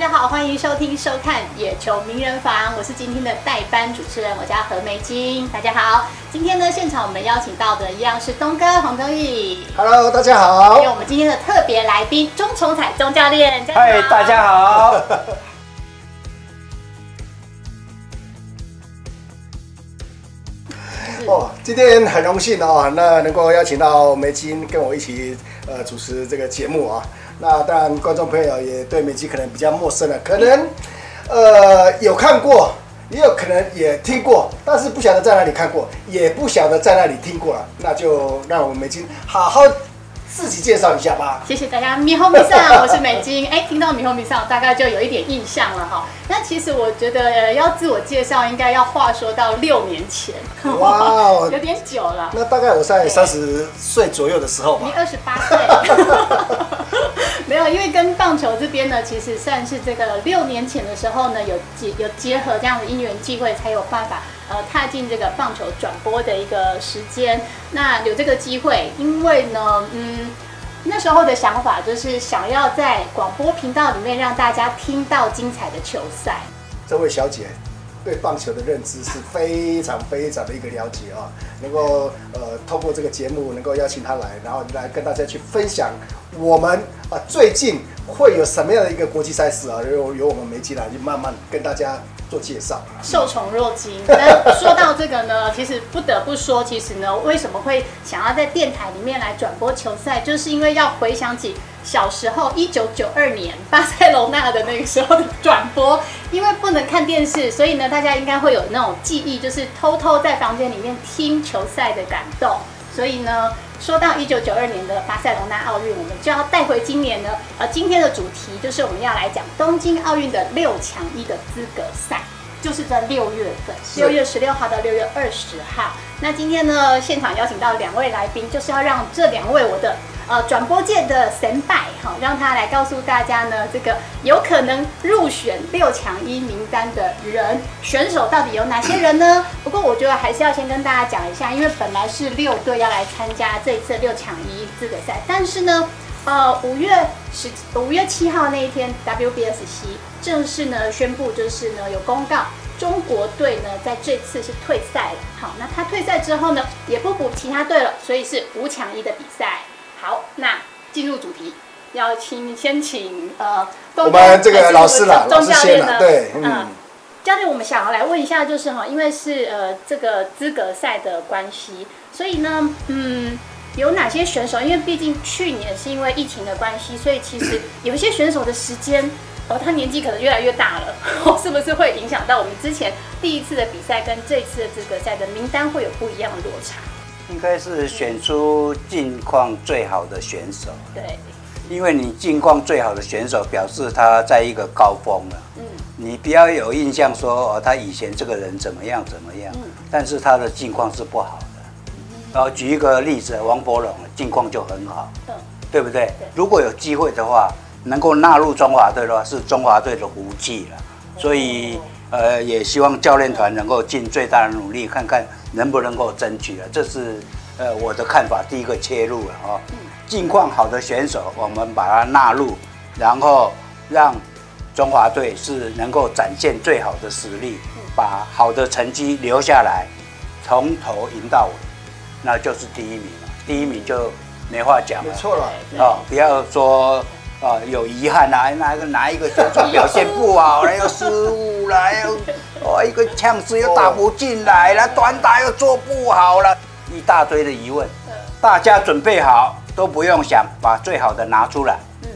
大家好，歡迎收聽、收看《野球名人房》，我是今天的代班主持人，我叫何梅金。大家好，今天呢，現場我們邀請到的一樣是東哥黃忠義。Hello，大家好。還有我們今天的特別來賓鍾重彩鍾教練，家 Hi, 大家好。大家好。哦，今天很榮幸啊、哦，那能夠邀請到梅金跟我一起呃主持這個節目啊。那當然，觀眾朋友也對美姬可能比較陌生了，可能，呃，有看過，也有可能也聽過，但是不曉得在哪裡看過，也不曉得在哪裡聽過了。那就讓我們美金好好自己介紹一下吧。謝謝大家，米猴米上，我是美金。哎、 欸，聽到米猴米上，大概就有一點印象了哈。那其實我覺得、呃、要自我介紹，應該要話說到六年前，哇 Wow,，有點久了。那大概我在三十歲左右的時候，你二十八歲， 沒有，因為跟棒球這邊呢，其實算是這個六年前的時候呢，有結有結合這樣的因緣機會，才有辦法呃踏進這個棒球轉播的一個時間。那有這個機會，因為呢，嗯。那時候的想法就是想要在廣播頻道裡面讓大家聽到精彩的球賽。這位小姐對棒球的認知是非常非常的一個了解啊、哦，能夠呃透過這個節目能夠邀請她來，然後來跟大家去分享我們啊最近會有什麼樣的一個國際賽事啊，由由我們媒體來去慢慢跟大家做介紹、啊、受寵若驚。說到這個呢， 其實不得不說，其實呢，為什麼會想要在電台裡面來轉播球賽，就是因為要回想起小時候一九九二年巴塞羅那的那個時候的轉播， 因為不能看電視，所以呢，大家應該會有那種記憶，就是偷偷在房間裡面聽球賽的感動。所以呢，說到一九九二年的巴塞羅那奧運，我們就要帶回今年呢，呃，今天的主題就是我們要來講東京奧運的六搶一的資格賽。就是在六月份，六是月十六號到六月二十號。那今天呢，現場邀請到兩位來賓，就是要讓這兩位我的呃轉播界的神拜哈，讓他來告訴大家呢，這個有可能入選六搶一名單的人選手到底有哪些人呢？不過我覺得還是要先跟大家講一下，因為本來是六隊要來參加這一次六搶一資格賽，但是呢，呃，五月十五月七號那一天，WBSC 正式呢宣布，就是呢有公告，中國隊呢在這次是退賽了。好，那他退賽之後呢，也不補其他隊了，所以是五搶一的比賽。好，那進入主題，要請先請呃，東我們這個老師了，鍾教練呢？對，嗯，呃、教練，我們想要來問一下，就是哈，因為是呃這個資格賽的關係，所以呢，嗯。有哪些選手？因為畢竟去年是因為疫情的關係，所以其實有一些選手的時間，哦，他年紀可能越來越大了，是不是會影響到我們之前第一次的比賽跟這次的資格賽的名單會有不一樣的落差？應該是選出近況最好的選手。嗯、對，因為你近況最好的選手，表示他在一個高峰了、啊。嗯，你不要有印象說哦，他以前這個人怎麼樣怎麼樣，嗯、但是他的近況是不好的。然後、哦、舉一個例子，王柏融近況就很好，嗯、對不對？對，如果有機會的話，能夠納入中華隊的話，是中華隊的福氣了。嗯、所以，嗯、呃，也希望教練團能夠盡最大的努力，看看能不能夠爭取了。這是，呃，我的看法。第一個切入了哦，嗯、近況好的選手，嗯、我們把他納入，然後讓中華隊是能夠展現最好的實力，嗯、把好的成績留下來，從頭贏到尾。那就是第一名，第一名就沒話講了，錯了啊！不要、哦、說啊、哦，有遺憾啊，哪一個哪一個表現不好了， 又失誤了，又哦一個搶失又打不進來了，哦、短打又做不好了，一大堆的疑問。大家準備好，都不用想，把最好的拿出來。嗯、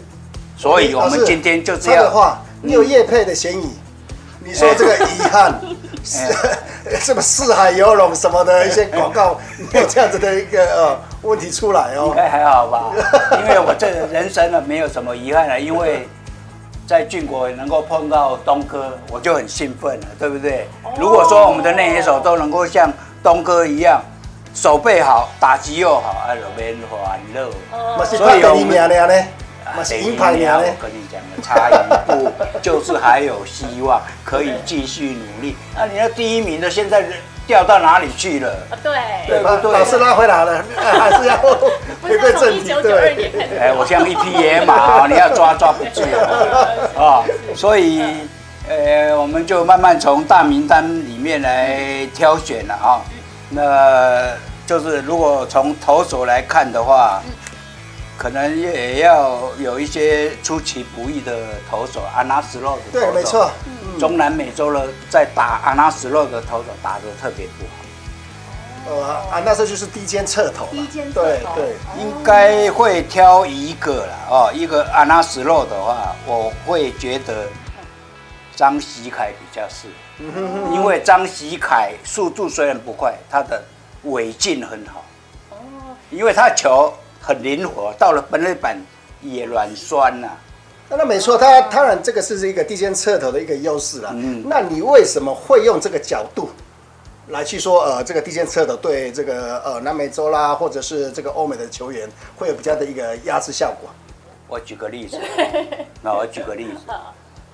所以我們今天就這樣的話，你有業配的嫌疑。嗯你說這個遺憾，是、欸、什麼四海遊龍什麼的、欸、一些廣告，沒有這樣子的一個呃、哦、問題出來哦，還好吧？因為我這個人生呢沒有什麼遺憾了，因為在俊國能夠碰到東哥，我就很興奮了，對不對？哦、如果說我們的那些手都能夠像東哥一樣，守備好，打擊又好，哎呦，蠻歡樂哦，所以有我們。銀牌啊！我跟你講，差一步就是還有希望，可以繼續努力啊。那你要第一名的，現在掉到哪裡去了？對，老師拉回來了，還是要回歸正題。對，哎，我像一匹野馬，你要抓抓不住。所以，呃，我們就慢慢從大名單裡面來挑選了啊。那就是如果從投手來看的話。可能也要有一些出其不意的投手，安達斯洛的投手，對，沒錯。嗯、中南美洲呢，在打安達斯洛的投手打得特別不好。哦、呃，啊，那時就是低肩側投。低肩側投。對對，哦、應該會挑一個了哦。一個安達斯洛的話，我會覺得張喜凱比較適合，嗯、哼哼因為張喜凱速度雖然不快，他的尾勁很好。哦。因為他球。很靈活，到了本壘板也卵酸吶、啊啊，那沒錯，他當然這個是一個低肩側投的一個優勢了。嗯，那你為什麼會用這個角度來去說呃這個低肩側投對這個呃南美洲啦或者是這個歐美的球員會有比較的一個壓制效果？我舉個例子，那我舉個例子，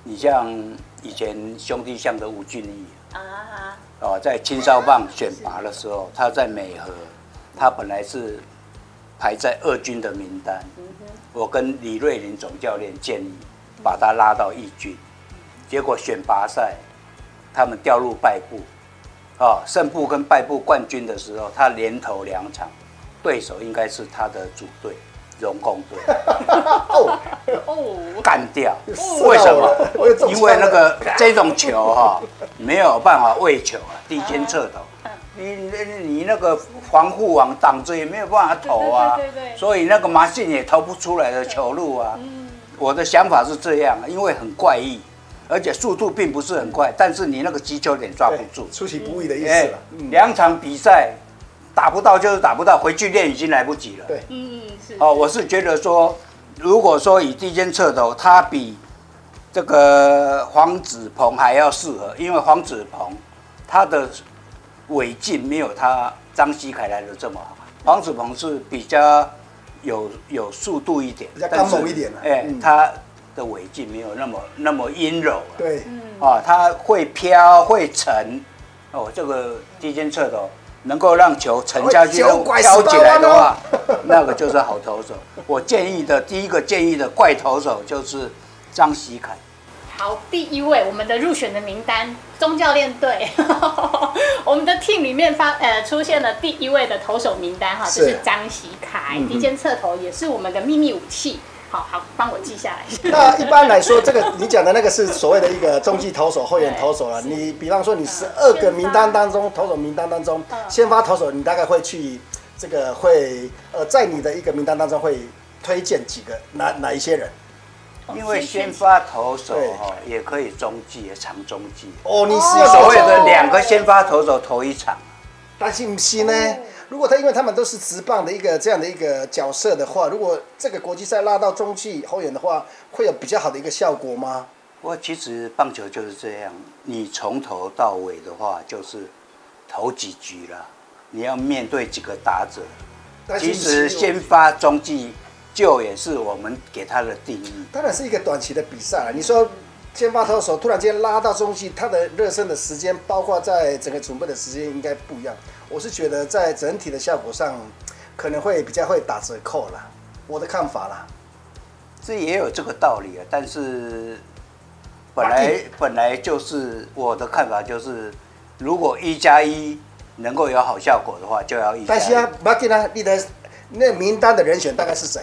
你像以前兄弟象的吳俊義啊、呃，在青少棒選拔的時候，他在美和，他本來是。排在二軍的名單，我跟李瑞麟總教練建議，把他拉到一軍，結果選拔賽，他們掉入敗部，啊、哦，勝部跟敗部冠軍的時候，他連投兩場，對手應該是他的主隊，榮工隊，哦哦，幹掉，為什麼？因為那個這種球哈、哦，沒有辦法餵球啊，低肩側投，你你那個防護網擋着也沒有辦法投啊，所以那個馬信也投不出來的球路啊。我的想法是這樣，因為很怪異，而且速度並不是很快，但是你那個擊球點抓不住。出其不意的意思。哎，兩場比賽打不到就是打不到，回去練已經來不及了。對，嗯嗯是。哦，我是覺得說，如果說以低肩側投，他比這個黃子鵬還要適合，因為黃子鵬他的。尾勁沒有他張希凱來得這麼好，黃子鵬是比較有有速度一點，比較剛猛一點、啊、但是、欸嗯、他的尾勁沒有那麼那麼陰柔、啊，對，嗯、啊，他會飄會沉，哦，這個低肩側投能夠讓球沉下去然後飄起來的話，那個就是好投手。 我建議的第一個建議的怪投手就是張希凱。好，第一位，我們的入選的名單，鍾教練隊，我們的 team 裡面發呃出現了第一位的投手名單哈，就是張喜凱，嗯、哼第一間側投也是我們的秘密武器，好好幫我記下來。嗯、 那一般來說，這個你講的那個是所謂的一個中繼投手、後援投手了。你比方說，你十二個名單當中，發投手名單當中，嗯、先發投手，你大概會去這個會呃，在你的一個名單當中會推薦幾個哪哪一些人？因為先發投手、哦、也可以中繼長中繼哦，你是、哦、所謂的兩個先發投手投一場，但是不是呢？哦、如果他因為他們都是職棒的一個這樣的一個角色的話，如果這個國際賽拉到中繼後援的話，會有比較好的一個效果嗎？我其實棒球就是這樣，你從頭到尾的話就是投幾局啦，你要面對幾個打者，但是是其實先發中繼。就也是我們給他的定義，當然是一個短期的比賽了。你說先發投手突然間拉到中繼，他的熱身的時間，包括在整個準備的時間應該不一樣。我是覺得在整體的效果上，可能會比較會打折扣了。我的看法啦，這也有這個道理啊。但是本來本來就是我的看法，就是如果一加一能夠有好效果的話，就要一加一。但是啊，馬克呢？你的那名單的人選大概是誰？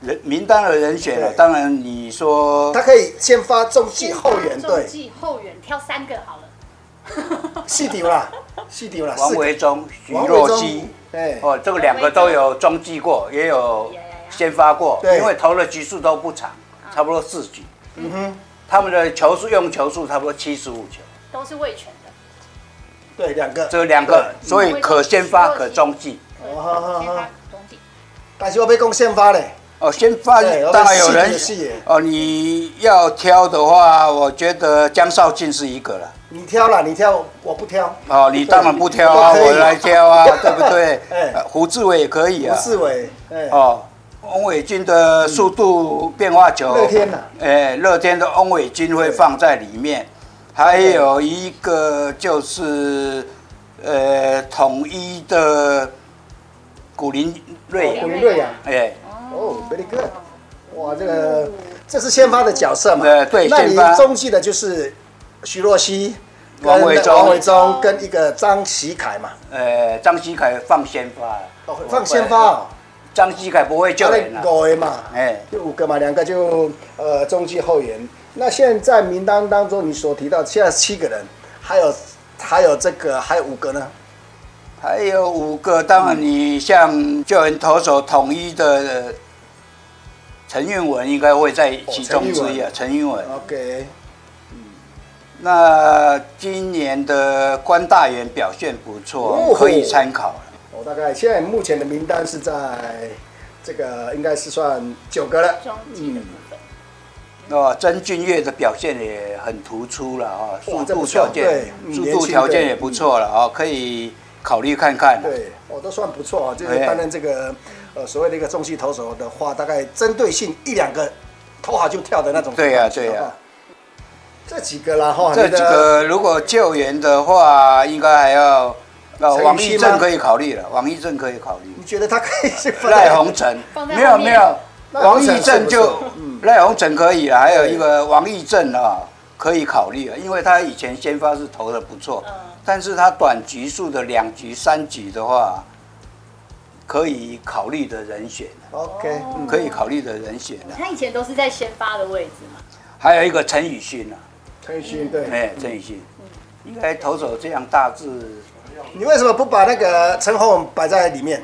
人名單的人選了，當然你說他可以先發中繼後援，中繼後援挑三個好了。四丟了，四丟了。王維中、徐若熙。對哦，這個兩個都有中繼過，也有先發過，因為投的局數都不長，差不多四局。嗯哼，他們的球數用球數差不多七十五球，都是味全的。對，兩個，只有兩個，所以可先發可中繼。好好好，中繼。但是我被供先發了哦，先發，當然有人哦。你要挑的話，我覺得江少慶是一個了。你挑了，你挑，我不挑。哦，你當然不挑啊，我來挑啊，對不對？胡智為也可以啊。胡智為，哦，翁瑋均的速度變化球。樂天啊，哎，樂天的翁瑋均會放在裡面。還有一個就是，呃，統一的古林睿煬。古林睿煬啊。哎。哦、oh,，very good，哇，這個這是先發的角色嘛？對，那你中繼的就是徐若熙、王維中、王維中跟一個張喜凱嘛？呃，張喜凱放先發，哦、我放先發、哦，張喜凱不會叫人、啊、嘛？哎，就五個嘛，兩個就呃中繼後援。那現在名單當中你所提到現在七個人，還有還有這個還有五個呢？還有五個，當然你像救援投手統一的陳韻文應該會在其中之一啊。陳韻、哦、文，陳文、嗯、，OK，、嗯、那今年的官大元表現不錯，哦、吼可以參考了。我、哦、大概現在目前的名單是在這個應該是算九個了。嗯，哦，曾俊岳的表現也很突出了啊，哦、速度條件、哦、速度條件也不錯了啊，嗯、可以。考慮看看，對我都算不錯啊。就是擔任這個，呃，所謂的一個中繼投手的話，大概針對性一兩個，投好就跳的那種。對呀對呀，這幾個啦哈。這幾個如果救援的話，應該還要那王溢正可以考慮了，王溢正可以考慮。你覺得他可以放在賴鴻誠？沒有沒有，王溢正就賴鴻誠可以了，還有一個王溢正啊。可以考慮啊，因為他以前先發是投得不錯，嗯、但是他短局數的兩局三局的話，可以考慮的人選、啊。OK，可以考慮的人選、啊嗯。他以前都是在先發的位置嘛。還有一個陳宇勳啊，陳宇勳對，哎，陳宇勳，應該投手這樣大致。你為什麼不把那個陳紅擺在裡面？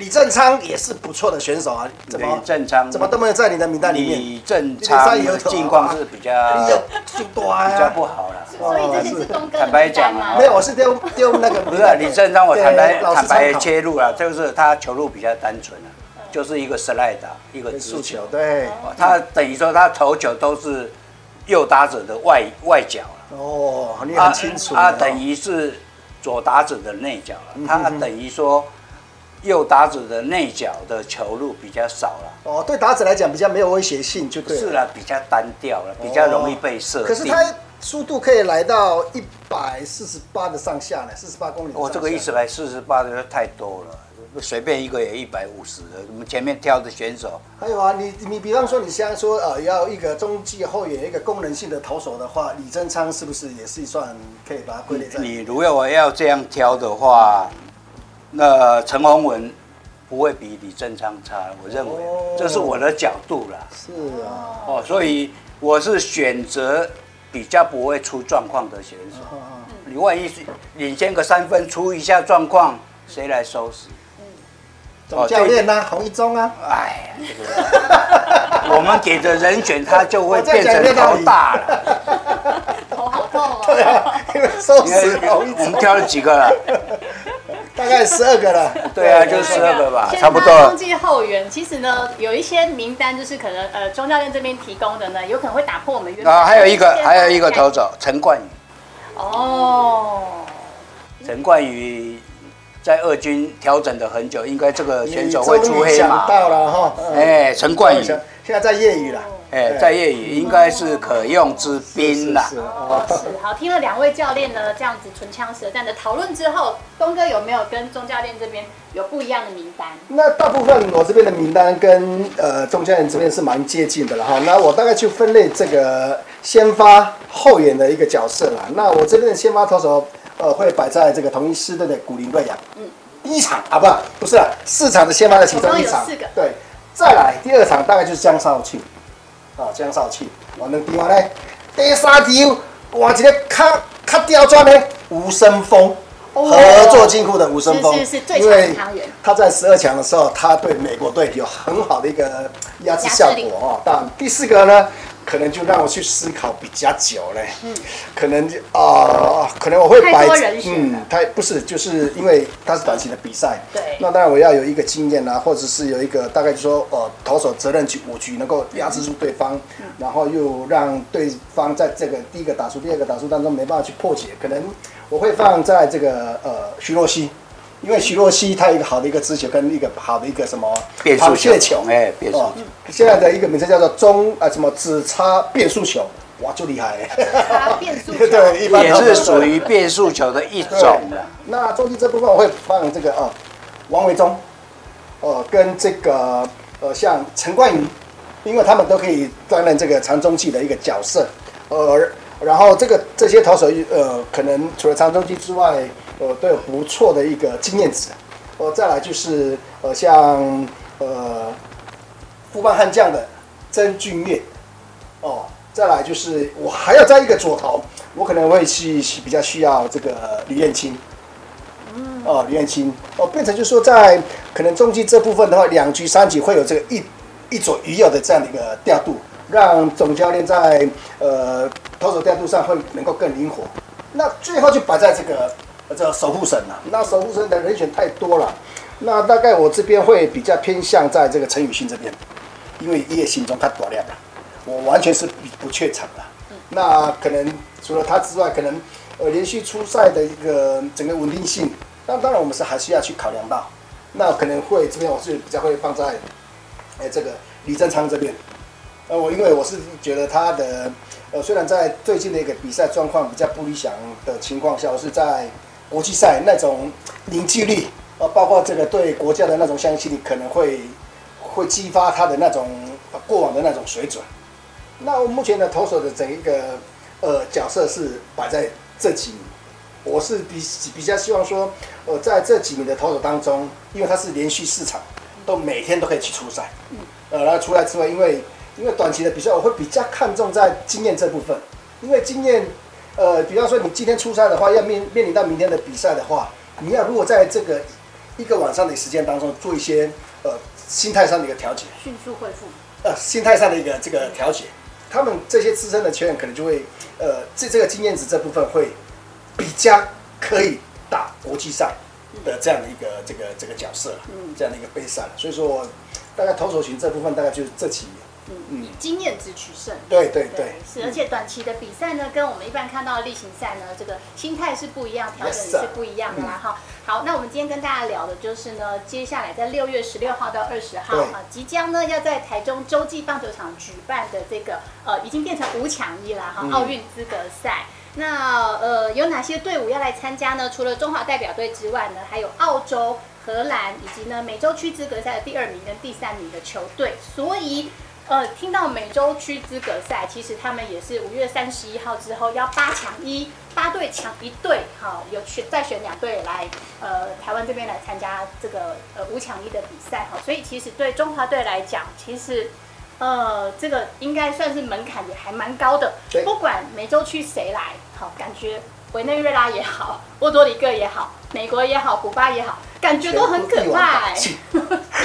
李正昌也是不錯的選手啊，怎麼怎麼都沒有在你的名單裡面？李正昌的近況是比較，比較不好了。所以之前是東哥的名單嗎？沒有，我是丟丟那個。不是李正昌，我坦白坦白揭露了，就是他球路比較單純了，就是一個 slide 一個直球。對，他等於說他投球都是右打者的外外角了。哦，你很清楚。他等於是左打者的內角了。他等於說。右打者的內角的球路比較少了哦，對打者來講比較沒有威脅性，就對了。是啦，比較單調了，哦、比較容易被射。可是它速度可以來到一百四十八的上下呢，四十八公里。我這個一百四十八的太多了，隨便一個也一百五十了。我們前面挑的選手還有啊，你你比方說，你現在說，你像說呃，要一個中繼後有一個功能性的投手的話，李振昌是不是也是算可以把它歸類在？你如果我要這樣挑的話。嗯那陳鴻文不會比李振昌差，我認為，這是我的角度啦。是啊，哦，所以我是選擇比較不會出狀況的選手。你萬一是領先個三分出一下狀況，誰來收拾？總教練吶，洪一中啊。哎呀，我們給的人選他就會變成老大了。頭好痛啊！收拾洪一中，我們挑了幾個了。 大概十二個了，對啊，就是十二個吧，差不多了。冬季後援，其實呢，有一些名單就是可能呃，鍾教練這邊提供的呢，有可能會打破我們。啊，還有一個，還有一個投手，陳冠宇。哦。陳冠宇在二軍調整的很久，應該這個選手會出黑馬。到了哈，哎、哦，陳冠宇。現在在業餘了，哎、哦，在業餘應該是可用之兵了。哦，是好，聽了兩位教練呢，這樣子唇槍舌戰的討論之後，東哥有沒有跟鍾教練這邊有不一樣的名單？那大部分我這邊的名單跟呃鍾教練這邊是蠻接近的了哈。那我大概去分類這個先發後援的一個角色了。那我這邊的先發投手呃會擺在這個統一獅隊的古林隊、嗯、啊。嗯。一場啊不，不是，四場的先發的其中一場。總四個。對。再來，第二場大概就是江少慶，啊，江少慶。換兩招呢，第三招哇，這個卡卡刁鑽的吳昇峰，哦、合作金庫的吳昇峰，是是是因為他在十二強的時候，他對美國隊有很好的一個壓制效果制哦，但第四個呢？可能就讓我去思考比較久嘞，嗯，可能就啊、呃，可能我會擺嗯，他不是就是因為他是短期的比賽，對，嗯、那當然我要有一個經驗啦、啊，或者是有一個大概就是說呃投手責任局五局能夠壓制住對方，嗯、然後又讓對方在這個第一個打數、第二個打數當中沒辦法去破解，可能我會放在這個呃徐若熙。因為徐若曦，她一個好的一個直球跟一個好的一個什麼跑球，哎，變速球，現在的一個名字叫做中啊什麼只差變速球，哇，就厲害，欸，紫變速球 對，一般也是屬於變速球的一種。那中繼這部分我會放這個啊、呃，王維中，呃，跟這個呃像陳冠宇，因為他們都可以擔任這個長中繼的一個角色，呃，然後這個這些投手呃，可能除了長中繼之外。都有不錯的一個經驗值。哦，再來就是呃像，像呃，富邦悍將的曾俊岳。哦，再來就是我還要再一個左投，我可能會去比較需要這個呂、呃、彥青。哦，呂彥青，哦，變成就是說在可能中繼這部分的話，兩局三局會有這個一一左一右的這樣的一個調度，讓總教練在呃投手調度上會能夠更靈活。那最後就擺在這個。這守護神啊，那守護神的人選太多了。那大概我這邊會比較偏向在這個陳禹勳這邊，因為夜信中他短了，我完全是不不怯場了。嗯。那可能除了他之外，可能呃連續出賽的一個整個穩定性，那當然我們是還需要去考量到。那可能會這邊我是比較會放在哎這個李振昌這邊。呃，我因為我是覺得他的呃雖然在最近的一個比賽狀況比較不理想的情況下，我是在。國際賽那種凝聚力，呃、包括這個對國家的那種相信力，可能會會激發他的那種過往的那種水準。那我目前的投手的整一個呃角色是擺在這幾名，我是比比較希望說，呃在這幾名的投手當中，因為他是連續四場都每天都可以去出賽，嗯、呃然後出來之後，因為因為短期的比賽我會比較看重在經驗這部分，因為經驗。呃，比方說你今天出賽的話，要面面臨到明天的比賽的話，你要如果在這個一個晚上的時間當中做一些呃心態上的一個調節，迅速恢復。呃，心態上的一個這個調節，嗯、他們這些資深的球員可能就會呃，這這個經驗值這部分會比較可以打國際賽的這樣的一個這個、嗯、這個角色，嗯、這樣的一個備賽。所以說我大概投手群這部分大概就是這幾年。嗯嗯，以經驗值取勝。對對對,對，是。而且短期的比賽呢，跟我們一般看到的例行賽呢，這個心態是不一樣，調整也是不一樣的啦。哈。好，那我們今天跟大家聊的就是呢，接下來在六月十六號到二十號啊，對 即將呢要在台中洲際棒球場舉辦的這個呃，已經變成五搶一啦哈，奧運資格賽。嗯、那呃，有哪些隊伍要來參加呢？除了中華代表隊之外呢，還有澳洲、荷蘭以及呢美洲區資格賽的第二名跟第三名的球隊。所以呃，聽到美洲區資格賽，其實他們也是五月三十一號之後要八搶一，八隊搶一隊，哈，有選再選兩隊來，呃，台灣這邊來參加這個呃五搶一的比賽，哈，所以其實對中華隊來講，其實，呃，這個應該算是門檻也還蠻高的，對不管美洲區誰來，好，感覺委內瑞拉也好，波多黎各也好，美國也好，古巴也好。感覺都很可愛，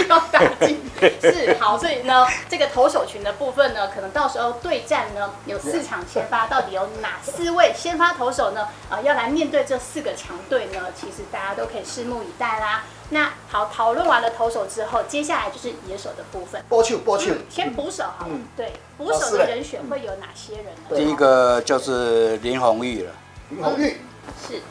要打擊是好，所以呢，這個投手群的部分呢，可能到時候對戰呢有四場先發，到底有哪四位先發投手呢？啊、呃，要來面對這四個強隊呢，其實大家都可以拭目以待啦。那好，討論完了投手之後，接下來就是野手的部分，播球播球，先捕手好、啊、嗯，對，捕手的人選會有哪些人呢？嗯、第一個就是林泓育了，林泓育、嗯、是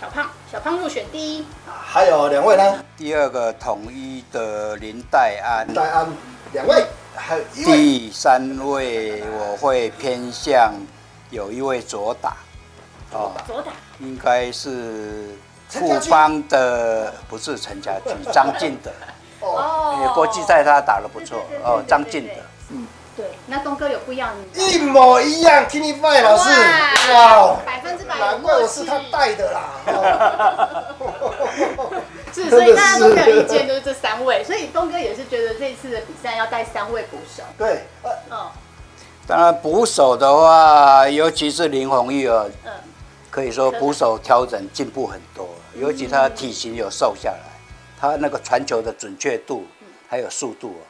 小胖，小胖入選第一。還有兩位呢。第二個統一的林黛安。黛安，兩位，還有一位。第三位我會偏向有一位左打。哦，左打。應該是富邦的，不是陳家駒，張進德。哦。國際賽他打的不錯哦，張進德。嗯，對。那東哥有不一樣的？一模一樣，聽你麥老師。哇，百分之百。難怪我是他帶的啦。是，所以大家都沒有意見，就是這三位。所以東哥也是覺得這次的比賽要帶三位捕手。對，呃、哦，嗯。當然，捕手的話，尤其是林泓育啊，嗯、可以說捕手調整進步很多，嗯、尤其他體型有瘦下來，嗯嗯、他那個傳球的準確度還、嗯、有速度、哦，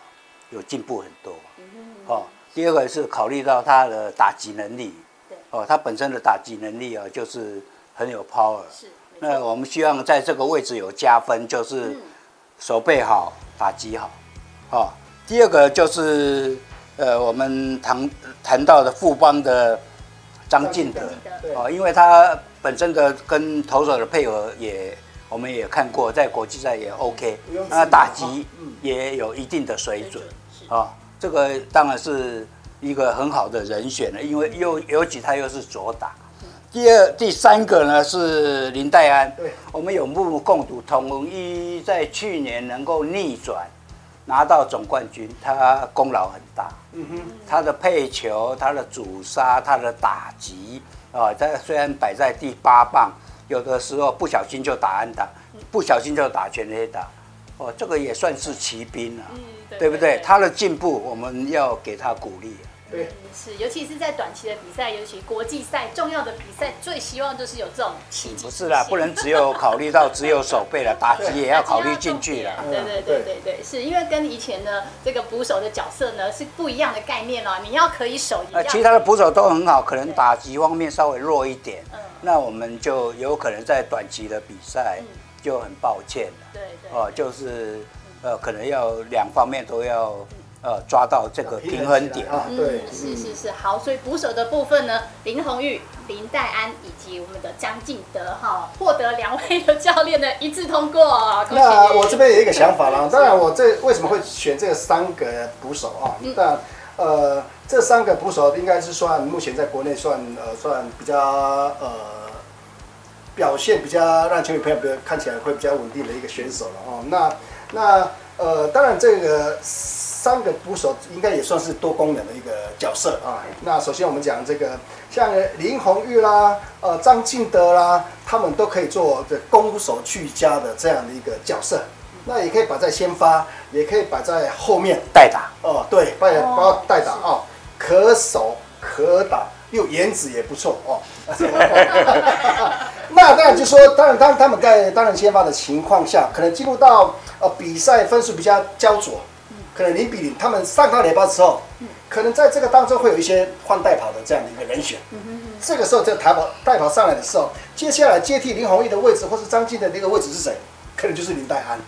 有進步很多。嗯嗯、哦，第二個是考慮到他的打擊能力，對，哦，他本身的打擊能力啊、哦，就是很有 power。是。那我們希望在這個位置有加分，就是守備好，嗯、打擊好，好、哦。第二個就是，呃，我們談談到的富邦的張進德，德，對哦，因為他本身的跟投手的配合也，我們也看過，在國際賽也 OK，那打擊也有一定的水準，啊、嗯嗯哦，這個當然是一個很好的人選了，因為又尤其他又是左打。第二、第三個呢是林岱安。對，我們有目共睹，統一在去年能夠逆轉拿到總冠軍，他功勞很大。嗯哼，他的配球、他的阻殺、他的打擊啊、哦，他雖然擺在第八棒，有的時候不小心就打安打，不小心就打全壘打，哦，這個也算是奇兵了、啊，嗯、對,對,對,對不對？他的進步，我們要給他鼓勵、啊。對、嗯，是，尤其是在短期的比賽，尤其國際賽重要的比賽，最希望就是有這種契機、嗯、不是啦，不能只有考慮到只有守備了。 對打擊也要考慮進去啦。對、對、對、對、對，是因為跟以前的這個捕手的角色呢是不一樣的概念啊。你要可以守一樣。其他的捕手都很好，可能打擊方面稍微弱一點，嗯對，那我們就有可能在短期的比賽就很抱歉了。嗯、對、對、對，哦，就是、呃、可能要兩方面都要。呃、嗯，抓到這個平衡點啊，對嗯、是是是，好，所以捕手的部分呢，林泓育、林岱安以及我們的張進德哈，獲、哦、得兩位的教練的一致通過，那我這邊有一個想法啦， 當然我這為什麼會選這三個捕手啊？嗯，但，呃，這三個捕手應該是算目前在國內算呃算比較呃表現比較讓球迷朋友比較看起來會比較穩定的一個選手了啊、呃、那那呃，當然這個。三個捕手應該也算是多功能的一個角色啊。那首先我們講這個，像林泓育啦、呃張進德啦，他們都可以做這攻守俱佳的這樣的一個角色。那也可以擺在先發，也可以擺在後面代打。哦、呃，對，擺在包代打哦，哦。可守可打，又顏值也不錯哦。啊、 那當然就是說，當然，當他們在當然先發的情況下，可能進入到、呃、比賽分數比較焦灼。可能零比零，他們上到壘包之後，嗯、可能在這個當中會有一些換代跑的這樣的一個人選。嗯嗯，這個時候就代跑，代跑上來的時候，接下來接替林泓育的位置或是張進的那個位置是誰，可能就是林岱安。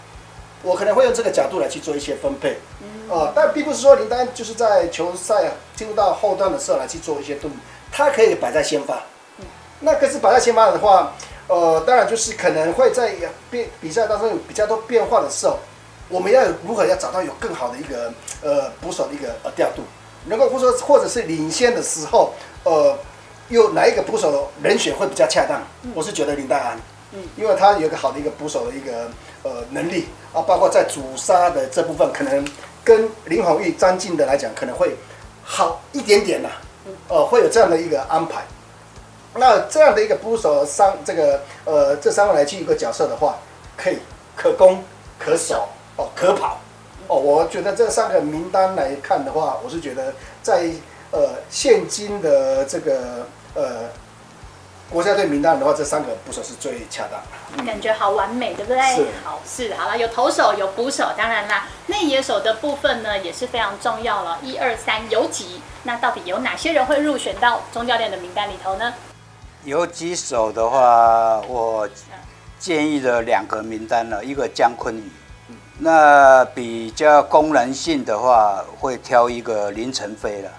我可能會用這個角度來去做一些分配，嗯哼呃、但並不是說林岱安就是在球賽進入到後段的時候來去做一些盾，他可以擺在先發。嗯、那可是擺在先發的話，呃，當然就是可能會在變比賽當中有比較多變化的時候。我們要如何要找到有更好的一個呃捕手的一個呃調度，能夠不說或者是領先的時候，呃，又哪一個捕手人選會比較恰當？嗯、我是覺得林岱安，嗯，因為他有個好的一個捕手的一個呃能力啊，包括在主殺的這部分，可能跟林泓育、張進德來講，可能會好一點點吶、啊，嗯、呃，會有這樣的一個安排。那這樣的一個捕手上這個呃這三個來去一個角色的話，可以可攻可守。可守哦，可跑，哦，我覺得這三個名單來看的話，我是覺得在呃，現今的這個呃國家隊名單的話，這三個捕手是最恰當的，感覺好完美，對不對？是好，是，好了，有投手，有捕手，當然啦，內野手的部分呢也是非常重要了。一二三，游擊，那到底有哪些人會入選到鐘教練的名單裡頭呢？游擊手的話，我建議了兩個名單了，一個江坤宇。那比較功能性的話，會挑一個林承飛了。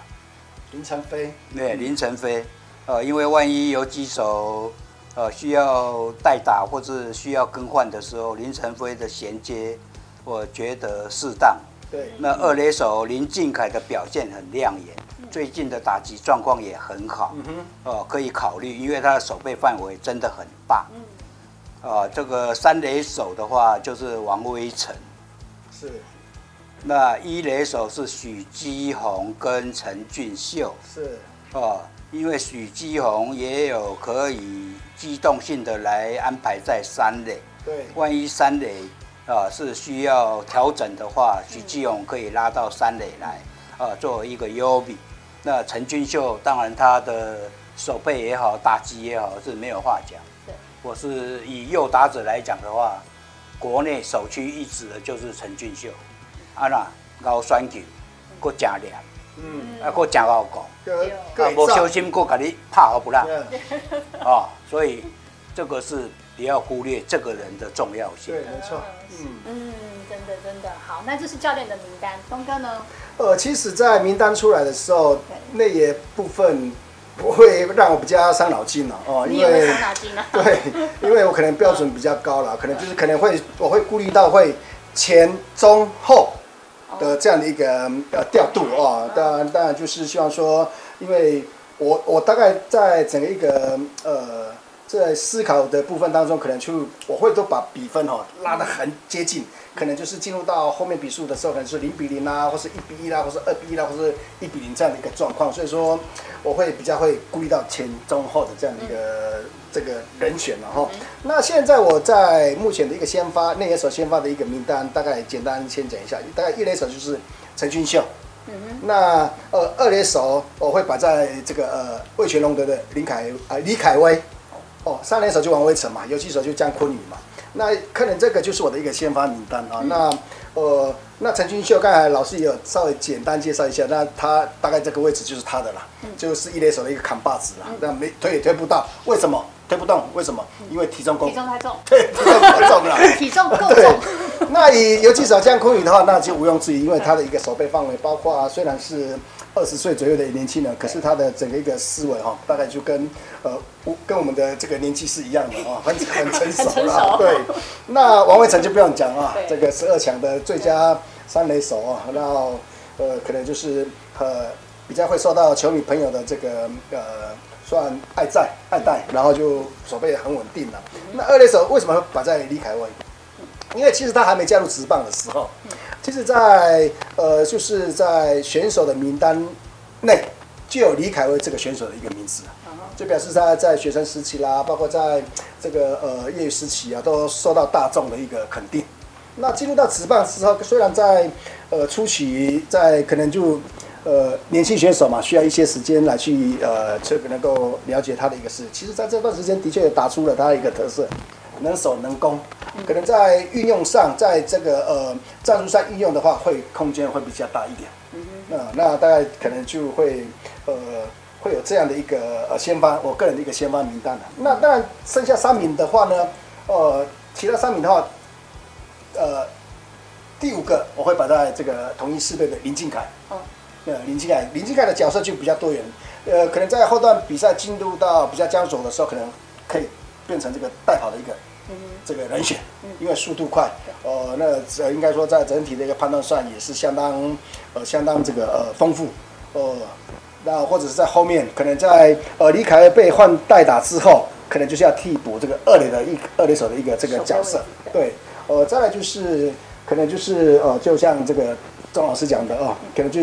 林承飛，對林承飛，呃，因為萬一游擊手呃需要代打或者需要更換的時候，林承飛的銜接，我覺得適當。對。那二壘手林靖凱的表現很亮眼，嗯、最近的打擊狀況也很好。嗯哼。哦、呃，可以考慮，因為他的守備範圍真的很大。嗯。啊，這個三壘手的話就是王威晨，是，那一壘手是許基宏跟陳俊秀，是，啊，因為許基宏也有可以機動性的來安排在三壘，對，萬一三壘啊是需要調整的話，許基宏可以拉到三壘來，嗯、啊，做一個優比，那陳俊秀當然他的守備也好，打擊也好是沒有話講。我是以右打者來講的話，國內首屈一指的就是陳俊秀，啊那高栓球，夠假臉，嗯，啊，夠假好講，個啊，無個、啊、小心夠給你拍好不啦，哦對、喔，所以這個是不要忽略這個人的重要性。對，沒錯，嗯嗯，真的真的，好，那這是教練的名單，東哥呢？呃，其實，在名單出來的時候，對那也部分。不會讓我比較傷腦筋了哦，哦，因為、啊、對，因為我可能標準比較高了， 嗯、可能就是可能會我會顧慮到會前中後的這樣的一個呃調度啊、哦，Okay. 當然當然就是希望說，因為我我大概在整個一個呃。在思考的部分當中，可能就我會都把比分哈、哦、拉得很接近，可能就是進入到後面比數的時候，可能是零比零啦，或是一比一啦，或是二比一啦，或是一比零這樣的一個狀況。所以說我會比較會顧慮到前中後的這樣的一個、嗯、這個人選了、哦、哈。嗯、那現在我在目前的一個先發內野手先發的一個名單，大概簡單先講一下，大概一壘手就是陳俊秀，嗯、哼那、呃、二壘手我會擺在這個呃味全龍德的林凱啊、呃、李凱威。哦，三壘手就王威晨嘛，游擊手就江坤宇嘛。對 那可能這個就是我的一個先發名單啊。嗯、那呃，那陳俊秀剛才老師也有稍微簡單介紹一下，那他大概這個位置就是他的啦，嗯、就是一壘手的一個扛把子啦。那、嗯、沒推也推不到，為什麼推不動？為什麼？嗯、因為體重過，體重太重。對，太重了，體重夠重，重， 重，重。那以游擊手江坤宇的話，那就毋庸置疑，因為他的一個守備範圍包括、啊，雖然是。二十歲左右的年輕人，可是他的整個一個思維哈，大概就跟呃跟我們的這個年紀是一樣的啊，很很成熟了。 對，那王威晨就不用講啊，這個十二強的最佳三壘手啊，然後呃可能就是呃比較會受到球迷朋友的這個呃算愛在愛戴，然後就守備很穩定了。 那二壘手為什麼會擺在李凱威？因為其實他還沒加入職棒的時候。其實在，在呃，就是在選手的名單內就有李凱威這個選手的一個名字，就表示在在學生時期啦，包括在這個呃業餘時期啊，都受到大眾的一個肯定。那進入到職棒之後，雖然在呃初期，在可能就呃年輕選手嘛，需要一些時間來去呃，才能夠了解他的一個事。其實，在這段時間，的確也打出了他的一個特色，能守能攻。可能在運用上，在這個呃戰術上運用的話，會空間會比較大一點。嗯那，哼、呃、那大概可能就會呃會有這樣的一個呃先發，我個人的一個先發名單了。那當然剩下三名的話呢，呃，其他三名的話，呃，第五個我會把在這個統一獅隊的林靖凱、嗯呃。林靖凱，林靖凱的角色就比較多元。呃，可能在後段比賽進入到比較膠着的時候，可能可以變成這個代跑的一個。這個人選，因為速度快，呃，那呃應該說在整體的一個判斷上也是相當，呃，相當這個呃豐富，呃，那或者是在後面可能在呃李凱被換代打之後，可能就是要替補這個二壘的一二壘手的一個這個角色。對，呃，再來就是可能就是呃，就像這個鍾老師講的哦、呃，可能就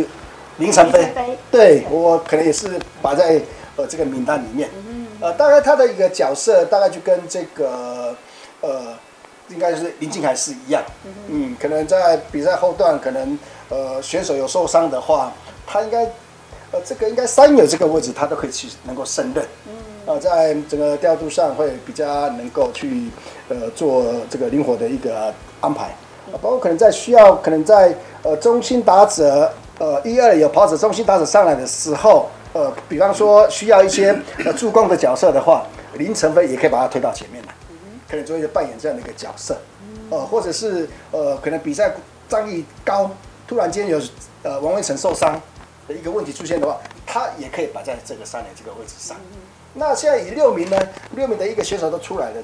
林承飛，對，我可能也是擺在呃這個名單裡面，嗯，呃，大概他的一個角色大概就跟這個。呃，應該是林靖凱是一樣，嗯，哼嗯，可能在比賽後段，可能呃選手有受傷的話，他應該呃這個應該三游這個位置他都可以去能夠勝任，嗯哼，呃在整個調度上會比較能夠去呃做這個靈活的一個安排，啊、嗯哼，包括可能在需要可能在呃中心打者呃一二有跑者中心打者上來的時候，呃，比方說需要一些呃助攻的角色的話，嗯、哼林承飛也可以把他推到前面來。可能就會扮演這樣的一個角色，嗯、呃，或者是呃，可能比賽張藝高突然間有呃王文成受傷的一個問題出現的話，他也可以擺在這個三壘這個位置上。嗯嗯，那現在以六名呢，六名的一個選手都出來了，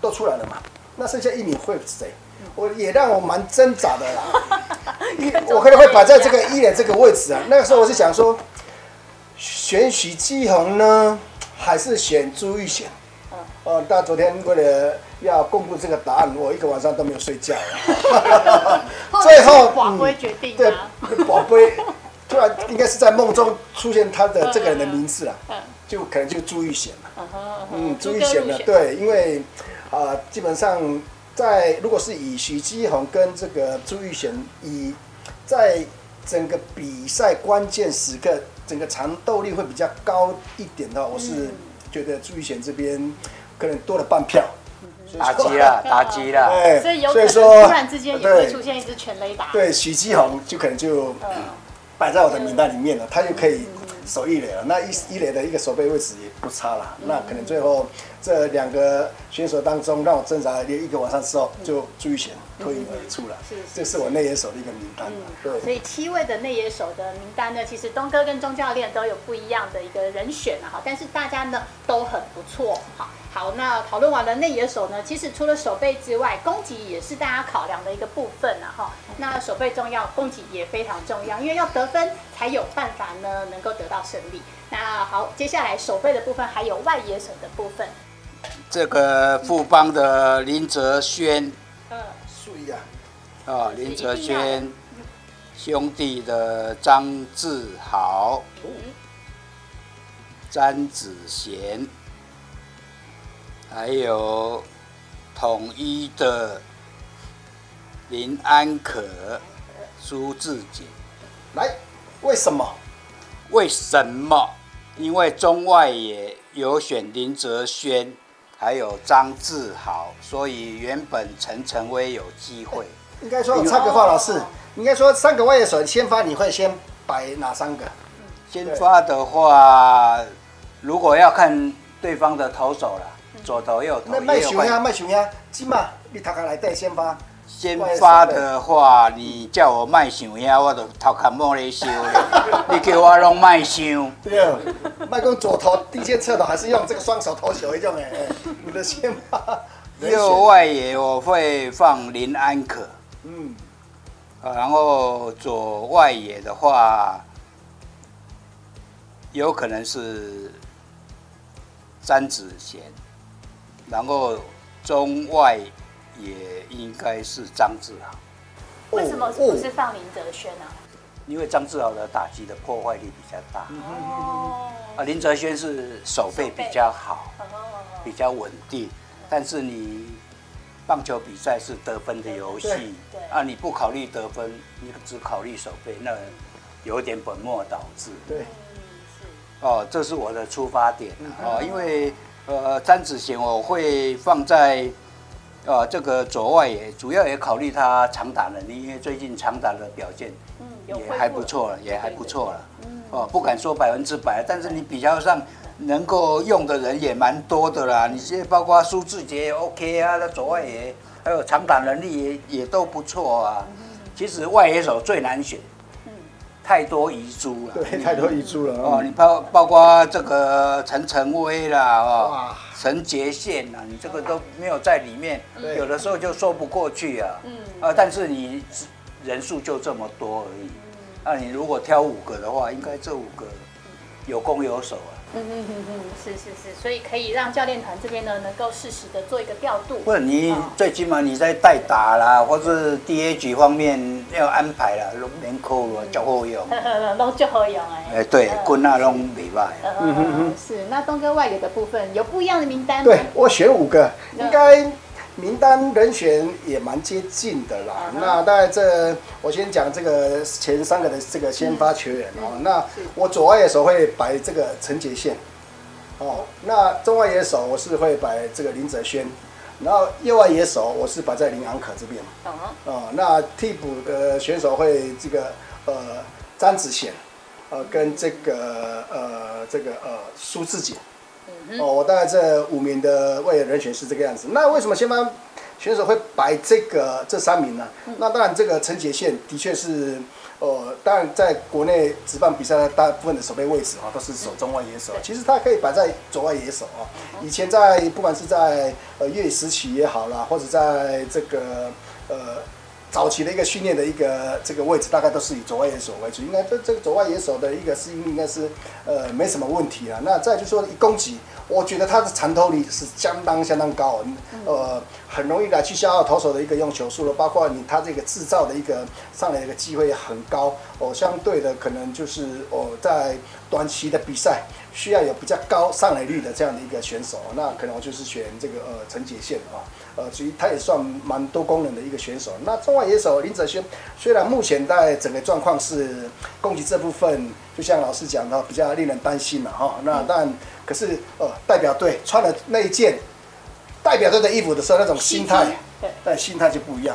都出來了嘛？那剩下一名會是誰？我也讓我蠻掙扎的啦， 我可能會擺在這個一壘這個位置啊。那個時候我是想說，選許基宏呢，還是選朱育賢？哦、嗯呃，但昨天為了。要公布這個答案，我一個晚上都沒有睡覺。 最後，寶龜決定對，寶龜 突然應該是在夢中出現他的這個人的名字了， 就可能就是朱育賢 嗯 朱育賢的， 對，因為啊、呃，基本上在如果是以許基宏跟這個朱育賢以在整個比賽關鍵時刻，整個戰鬥力會比較高一點的話，我是覺得朱育賢這邊可能多了半票。 打擊了，打擊了，所以所以說，以突然之間也會出現一支全壘打。對，許基宏就可能就擺在我的名單裡面了，啊、他就可以守一壘了。那一一壘的一個守備位置也。不差啦，那可能最後這兩個選手當中，讓我掙扎一個晚上之後就，就朱雨辰脫穎而出了。是，是，這是我內野手的一個名單、嗯、對，所以七位的內野手的名單呢，其實東哥跟鍾教練都有不一樣的一個人選哈、啊。但是大家呢都很不錯好，好，那討論完了內野手呢，其實除了守備之外，攻擊也是大家考量的一個部分了、啊、哈。那守備重要，攻擊也非常重要，因為要得分才有辦法呢，能夠得到勝利。那好，接下來守備的部分還有外野手的部分，這個富邦的林哲瑄、嗯，嗯，誰呀、哦？啊，林哲瑄，嗯、兄弟的張志豪，詹、嗯、子賢，還有統一的林安可、蘇智傑。景來，為什麼？為什麼？因為中外野有選林哲軒，還有張志豪，所以原本陳晨威有機會。應該說，你插個話，老師，應該說三個外野手先發，你會先擺哪三個？嗯、先發的話，如果要看對方的投手了，左投右投。那賣熊呀，賣熊呀，金嘛，你大家來帶先發。先發的話，的你叫我賣想呀，我都偷看莫里修。你叫我攏賣想。對，麥講左投、底線側投，頭還是用這個雙手投球一種誒。我的 先發。右外野我會放林安可。嗯、啊。然後左外野的話，有可能是詹子賢，然後中外。也應該是張志豪，為什麼不是放林哲瑄呢？因為張志豪的打擊的破壞力比較大哦，啊，林哲瑄是守備比較好，比較穩定，但是你棒球比賽是得分的遊戲，啊，你不考慮得分，你只考慮守備，那有點本末倒置，對，哦，這是我的出發點啊，因為呃，詹子賢我會放在。啊，這個左外野主要也考慮他長打能力，因為最近長打的表現也還不錯了，嗯、也還不錯了。嗯，哦、啊的啊，不敢說百分之百，但是你比較上能夠用的人也蠻多的啦。你現在包括蘇智傑也 OK 啊，那左外野還有長打能力也也都不錯啊。嗯、其實外野手最難選。太多遺珠了。啊，對，太多遺珠了。啊。哦，嗯、你包括包括這個陳晨威啦，哦，陳杰憲啦，你這個都沒有在裡面，嗯、有的時候就說不過去啊。嗯，啊，但是你人數就這麼多而已。那、嗯啊、你如果挑五個的話，應該這五個有攻有守啊。嗯嗯嗯嗯，是是是，所以可以讓教練團這邊呢，能夠適時的做一個調度。不是你、哦、最起碼你在代打啦，或是 DH 方面要安排啦，攏免靠教、嗯、好用，呵呵呵，攏教用哎。哎、欸，對，滾啊攏未壞。嗯嗯嗯，嗯哼哼是，那東哥外野的部分有不一樣的名單嗎？對，我選五個，嗯、應該。名單人選也蠻接近的啦，uh huh. 那大概這我先講這個前三個的這個先發球員，uh huh. 哦，那我左外野手會擺這個陳傑憲，哦，uh huh. 那中外野手我是會擺這個林哲瑄，然後右外野手我是擺在林安可這邊，uh huh. 哦，那替補的選手會這個呃詹子賢，呃，呃跟這個呃這個呃蘇智傑。哦，我大概這五名的外援人選是這個樣子。那為什麼先發選手會擺這個這三名呢？那當然，這個陳傑憲的確是，呃、哦，當然在國內職棒比賽的大部分的守備位置啊、哦，都是守中外野手。其實他可以擺在左外野手啊、哦。以前在不管是在呃業餘時期也好啦，或者在這個呃早期的一個訓練的一個這個位置，大概都是以左外野手為主。應該這這個左外野手的一個適應，應該是呃沒什麼問題啊。那再就是說一攻擊。我覺得他的纏鬥率，是相當相當高呃，嗯、很容易來去消耗投手的一個用球數了，包括你他這個制造的一個上壘的一個機會很高哦。相對的，可能就是哦，在短期的比賽需要有比較高上壘率的這樣的一個選手，哦，那可能我就是選這個呃陳杰憲啊，呃，所以他也算蠻多功能的一個選手。那中外野手林哲瑄，雖然目前在整個狀況是攻擊這部分，就像老師講的比較令人擔心嘛。哈，那、嗯、但。可是，呃，代表隊穿了那一件代表隊的衣服的時候，那種心態，對，但心態就不一樣。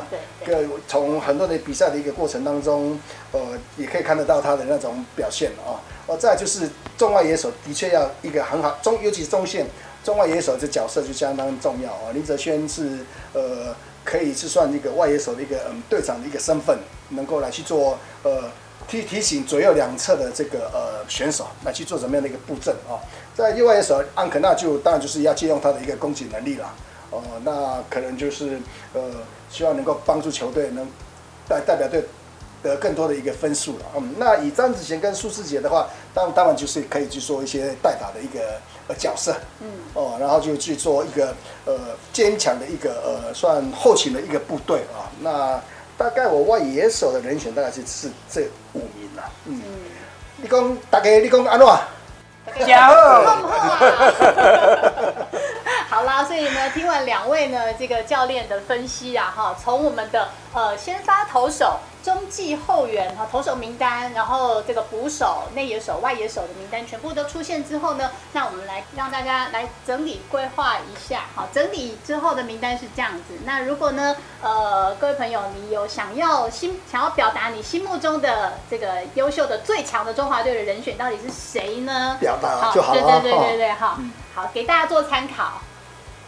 對，從很多的比賽的一個過程當中，呃，也可以看得到他的那種表現啊、哦呃。再就是中外野手的確要一個很好中，尤其是中線中外野手這角色就相當重要啊。林哲瑄是呃，可以是算一個外野手的一個嗯隊長的一個身份，能夠來去做呃提提醒左右兩側的這個呃選手來去做什麼樣的一個布陣啊。哦在右外野手，安可納就當然就是要借用他的一個攻擊能力了。哦、呃，那可能就是呃，希望能夠幫助球隊能代代表隊得更多的一個分數了。嗯，那以詹子賢跟蘇智傑的話，當然當然就是可以去做一些代打的一個呃角色。嗯。哦、呃，然後就去做一個呃堅強的一個呃算後勤的一個部隊啊、呃。那大概我外野手的人選大概是是這五名了。嗯。嗯你講大概，你講按怎。加啊 好啦，所以呢，聽完兩位呢這個教練的分析啊，哈，從我們的呃先發投手，中繼後援，哈，投手名單，然後這個捕手、內野手、外野手的名單全部都出現之後呢，那我們來讓大家來整理規劃一下。好，整理之後的名單是這樣子。那如果呢，呃，各位朋友，你有想要心想要表達你心目中的這個優秀的最強的中華隊的人選到底是誰呢？表達、啊、好就好、啊，對對對對對、哦、好，給大家做參考。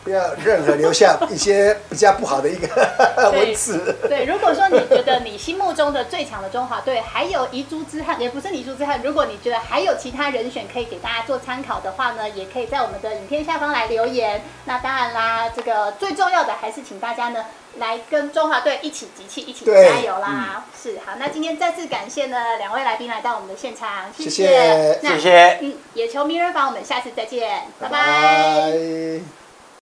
不要任何留下一些比較不好的一個文字 。對，如果說你覺得你心目中的最強的中華隊，還有遺珠之恨，也不是遺珠之恨。如果你覺得還有其他人選可以給大家做參考的話呢，也可以在我們的影片下方來留言。那當然啦，這個最重要的還是請大家呢來跟中華隊一起集氣，一起加油啦。嗯、是好，那今天再次感謝呢兩位來賓來到我們的現場，謝謝，謝謝。那謝謝嗯，野球名人房我們下次再見，拜拜。拜拜。